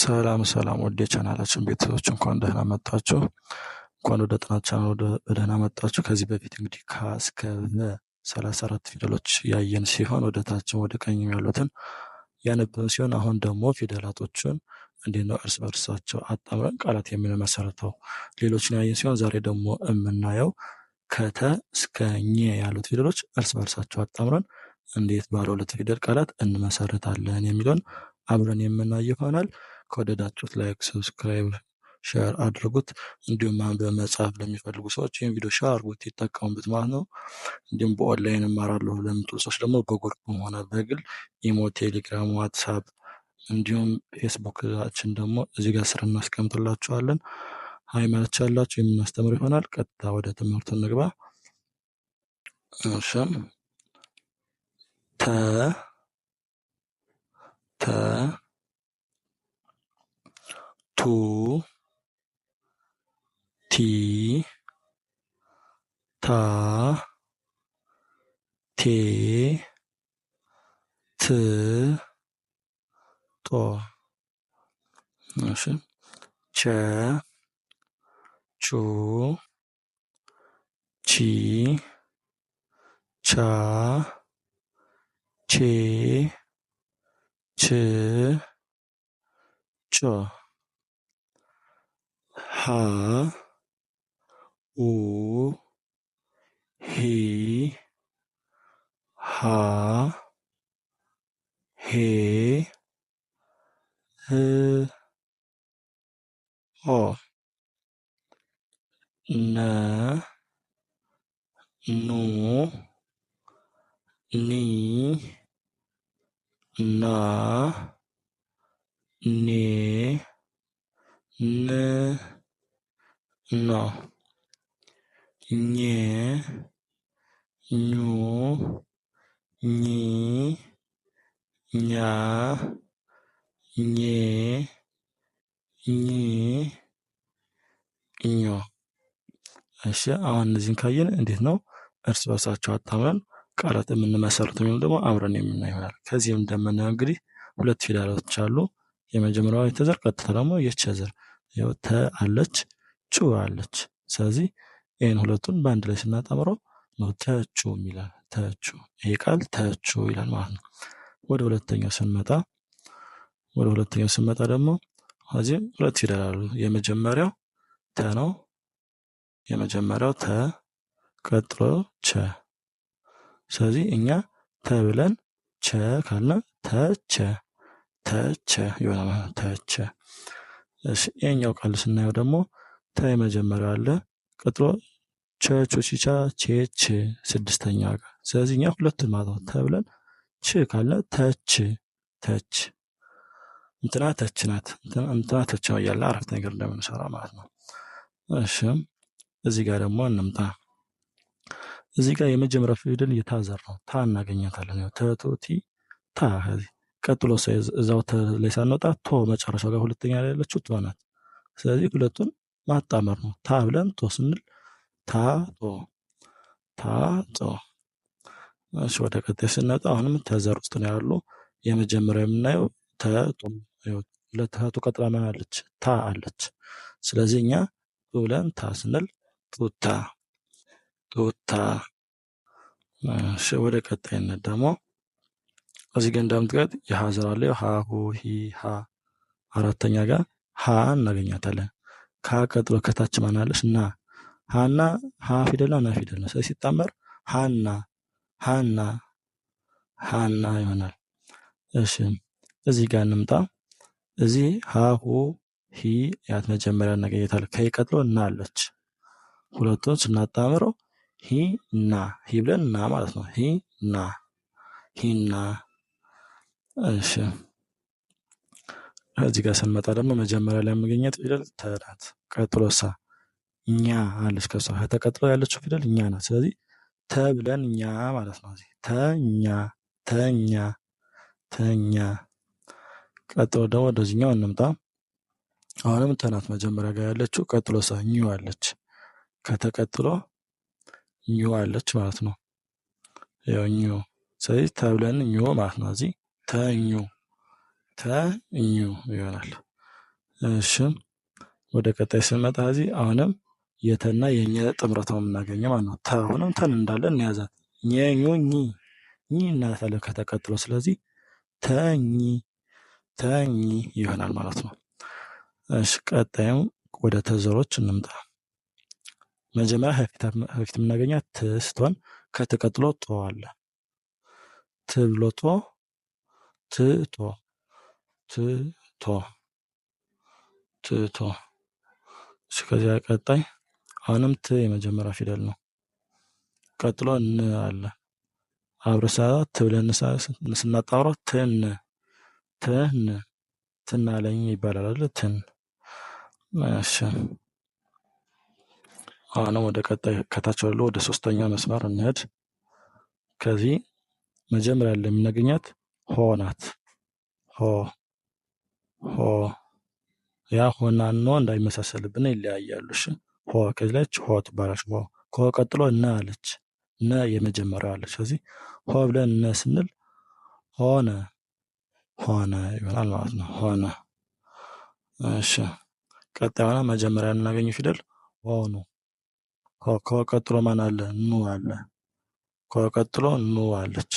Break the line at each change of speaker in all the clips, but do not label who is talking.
ሰላም ሰላም ወደ ቻናላችን ቤተሰቦች እንኳን ደህና መጣችሁ። እንኳን ወደ ጥናት ቻናል ደህና መጣችሁ። ከዚህ በፊት እንግዲህ ከ እስከ ሰላሳ አራት ፊደሎች ያየን ሲሆን ወደ ታችን ወደ ቀኝም ያሉትን ያነበብን ሲሆን አሁን ደግሞ ፊደላቶችን እንዴት ነው እርስ በእርሳቸው አጣምረን ቃላት የምንመሰርተው ሌሎችን ያየን ሲሆን ዛሬ ደግሞ የምናየው ከተ እስከ ኘ ያሉት ፊደሎች እርስ በእርሳቸው አጣምረን እንዴት ባለ ሁለት ፊደል ቃላት እንመሰርታለን የሚለውን አብረን የምናይ ይሆናል። ከወደዳችሁት ላይክ፣ ሰብስክራይብ፣ ሼር አድርጉት። እንዲሁም ማንበብ መጻፍ ለሚፈልጉ ሰዎች ይህን ቪዲዮ ሼር አድርጉት፣ ይጠቀሙበት ማለት ነው። እንዲሁም በኦንላይን እማራለሁ ለምትሉ ሰዎች ደግሞ በግሩፕም ሆነ በግል ኢሞ፣ ቴሌግራም፣ ዋትሳፕ እንዲሁም ፌስቡክችን ደግሞ እዚህ ጋር ስር እናስቀምጥላችኋለን። ሀይ ያላችሁ የምናስተምር ይሆናል። ቀጥታ ወደ ትምህርቱ እንግባ። እሺም ተ ተ to t ta t t to znaczy cie ciu ci cia ci czy cio ሀ ኡ ሂ ሃ ሄ ህ ሆ ነ ኑ ኒ ና ኔ ን ኖ ኜ ኙ ኚ ኛ ኜ ኚ ኞ። እሺ አሁን እነዚህን ካየን እንዴት ነው እርስ በርሳቸው አጣምረን ቃላት የምንመሰርት ወይም ደግሞ አብረን የምናይ ይሆናል። ከዚህም እንደምናየው እንግዲህ ሁለት ፊደሎች አሉ። የመጀመሪያዋ የተዘር ቀጥታ ደግሞ የቸ ተ አለች ቹ አለች። ስለዚህ ይህን ሁለቱን በአንድ ላይ ስናጣምረው ነው ተቹ ይላል። ተቹ ይሄ ቃል ተቹ ይላል ማለት ነው። ወደ ሁለተኛው ስንመጣ ወደ ሁለተኛው ስንመጣ ደግሞ እዚህም ሁለት ፊደላሉ። የመጀመሪያው ተ ነው። የመጀመሪያው ተ ቀጥሎ ቸ። ስለዚህ እኛ ተ ብለን ቸ ካልነ ተቸ ተቸ የሆነ ተቸ። እሺ የኛው ቃል ስናየው ደግሞ ተ የመጀመሪያው አለ። ቀጥሎ ቸ ሲቻ ቼች ስድስተኛ ጋር ስለዚህ እኛ ሁለት ማታ ተብለን ች ካለ ተች ተች እንትና ተች ናት እንትና ተች ነው እያለ አረፍተ ነገር እንደምንሰራ ማለት ነው። እሺም እዚህ ጋር ደግሞ እንምጣ። እዚህ ጋር የመጀመሪያ ፊደል የታዘር ነው። ታ እናገኛታለን። ተቶቲ ታ ቀጥሎ እዛው ላይ ሳንወጣ ቶ መጨረሻው ጋር ሁለተኛ ላይ ያለችው ቶ ናት። ስለዚህ ሁለቱን ማጣመር ነው። ታ ብለን ቶ ስንል ታጦ ታጦ። እሺ ወደ ቀጣይ ስንመጣ አሁንም ተዘር ውስጥ ነው ያሉ። የመጀመሪያው የምናየው ተጦ ለተቱ ቀጥላ ምን አለች? ታ አለች። ስለዚህ እኛ ብለን ታ ስንል ጡታ ጡታ። እሺ ወደ ቀጣይነት ደግሞ እዚህ ግን እንደምትቀጥ የሀ አለ። ሀ ሁ ሂ ሃ አራተኛ ጋር ሀ እናገኛታለን። ከሀ ከታች ማናለች ና ሀና ሀ ፊደል ነው ና ፊደል ነው። ስለዚህ ሲጣመር ሀና ሀና ሀና ይሆናል። እሺ እዚህ ጋር እንምጣ። እዚህ ሀ ሁ ሂ ያት መጀመሪያ ነገር የታል ከይቀጥሎ እና አለች። ሁለቱን ስናጣምረው ሂ ና ሂ ብለን ና ማለት ነው። ሂ ና ሂ ና እሺ እዚህ ጋር ስንመጣ ደግሞ መጀመሪያ ላይ የምገኘት ፊደል ተ ቀጥሎ ሳ እኛ አለች። ከሷ ተቀጥሎ ያለችው ፊደል እኛ ናት። ስለዚህ ተ ብለን እኛ ማለት ነው። እዚህ ተኛ፣ ተኛ፣ ተኛ። ቀጥሎ ደግሞ ወደዚህኛው እንምጣ። አሁንም ተናት መጀመሪያ ጋር ያለችው። ቀጥሎ ሳ ኙ አለች። ከተቀጥሎ ኙ አለች ማለት ነው። ያው ኙ። ስለዚህ ተብለን ኙ ማለት ነው። እዚህ ተኙ ተኙ ይሆናል። እሺ ወደ ቀጣይ ስንመጣ እዚህ አሁንም የተና የኘ ጥምረት ነው የምናገኘው ማለት ነው። ተ አሁንም ተን እንዳለ እንያዛት ኘኞ ኚ ኚ እናታለን ከተቀጥሎ። ስለዚህ ተኚ ተኚ ይሆናል ማለት ነው። እሺ ቀጣዩ ወደ ተዘሮች እንምጣ። መጀመሪያ ከፊት የምናገኛት ት ስትሆን ከተቀጥሎ ጦ አለ። ት ብሎ ጦ ት ጦ ትቶ ትቶ እሺ ከዚያ ቀጣይ አሁንም ት የመጀመሪያ ፊደል ነው። ቀጥሎ ን አለ አብረሳ ት ብለን ስናጣምረው ትን ትን ትን አለኝ ይባላል አይደል? ትን እሺ። አሁንም ወደ ቀጣይ ከታች ያለው ወደ ሶስተኛ መስመር እንሄድ። ከዚህ መጀመሪያ ላይ የምናገኛት ሆ ናት። ሆ ሆ ያ ሆና ኖ እንዳይመሳሰልብን ይለያያሉ። እሺ ሆ ከዚች ሆ ትባላለች። ሆ ከሆ ቀጥሎ እነ አለች። ነ የመጀመሪያው አለች። ስለዚህ ሆ ብለን ነ ስንል ሆነ ሆነ ይሆናል ማለት ነው። ሆነ እሺ ቀጣዩና መጀመሪያ የምናገኘው ፊደል ሆ ነው። ከሆ ቀጥሎ ማን አለ? ኑ አለ። ከሆ ቀጥሎ ኑ አለች።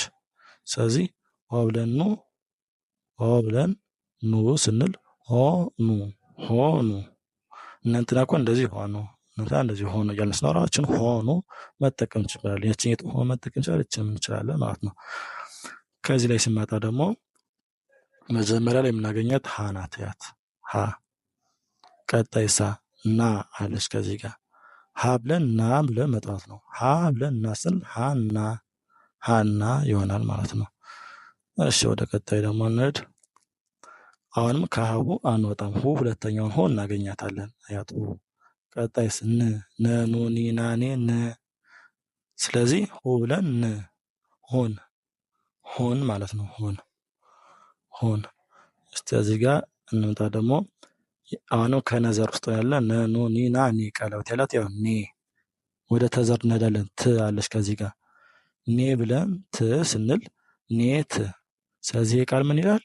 ስለዚህ ሆ ብለን ኑ ሆ ብለን ኑ ስንል ሆ ኑ ሆ ኑ እንትና እኮ እንደዚህ ሆኑ እንትና እንደዚህ ሆኑ እያልን ስናወራችን ሆኑ መጠቀም ይችላል። ያችን የት ሆኖ መጠቀም ይችላል። ይችን እንችላለን ማለት ነው። ከዚህ ላይ ስንመጣ ደግሞ መጀመሪያ ላይ የምናገኛት ሀ ናት። ያት ሀ ቀጣይ ሳ ና አለች። ከዚህ ጋር ሀ ብለን ና ብለን መጥራት ነው። ሀ ብለን ና ስል ሀና ሀና ይሆናል ማለት ነው። እሺ ወደ ቀጣይ ደግሞ እንሂድ። አሁንም ከሀሁ አንወጣም። ሁ ሁለተኛውን ሆ እናገኛታለን። ያቱ ቀጣይስ ን ነኑኒናኔ ን ስለዚህ ሁ ብለን ን ሆን ሆን ማለት ነው። ሆን ሆን እስቲ እዚህ ጋር እንምጣ ደግሞ አሁንም ከነዘር ውስጥ ያለ ነኑኒና ኒ ቀለበት ያላት ያው ኔ ወደ ተዘር እንሄዳለን። ት አለች ከዚህ ጋር ኔ ብለን ት ስንል ኔት። ስለዚህ ቃል ምን ይላል?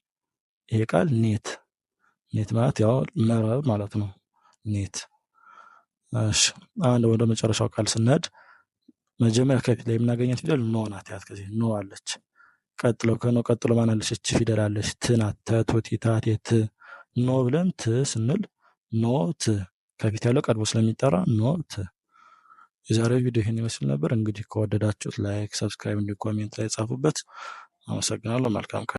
ይሄ ቃል ኔት ኔት ማለት ያው መረብ ማለት ነው። ኔት እሺ። አሁን ወደ መጨረሻው ቃል ስንሄድ መጀመሪያ ከፊት ላይ የምናገኛት ፊደል ኖ ናት። ያት ከዚህ ኖ አለች። ቀጥሎ ከኖ ቀጥሎ ማን አለች? እች ፊደል አለች። ት ናት። ተቶቲታት የት ኖ ብለን ት ስንል ኖ ት ከፊት ያለው ቀድሞ ስለሚጠራ ኖ ት። የዛሬው ቪዲዮ ይህን ይመስል ነበር። እንግዲህ ከወደዳችሁት ላይክ፣ ሰብስክራይብ እንዲሁ ኮሜንት ላይ ጻፉበት። አመሰግናለሁ። መልካም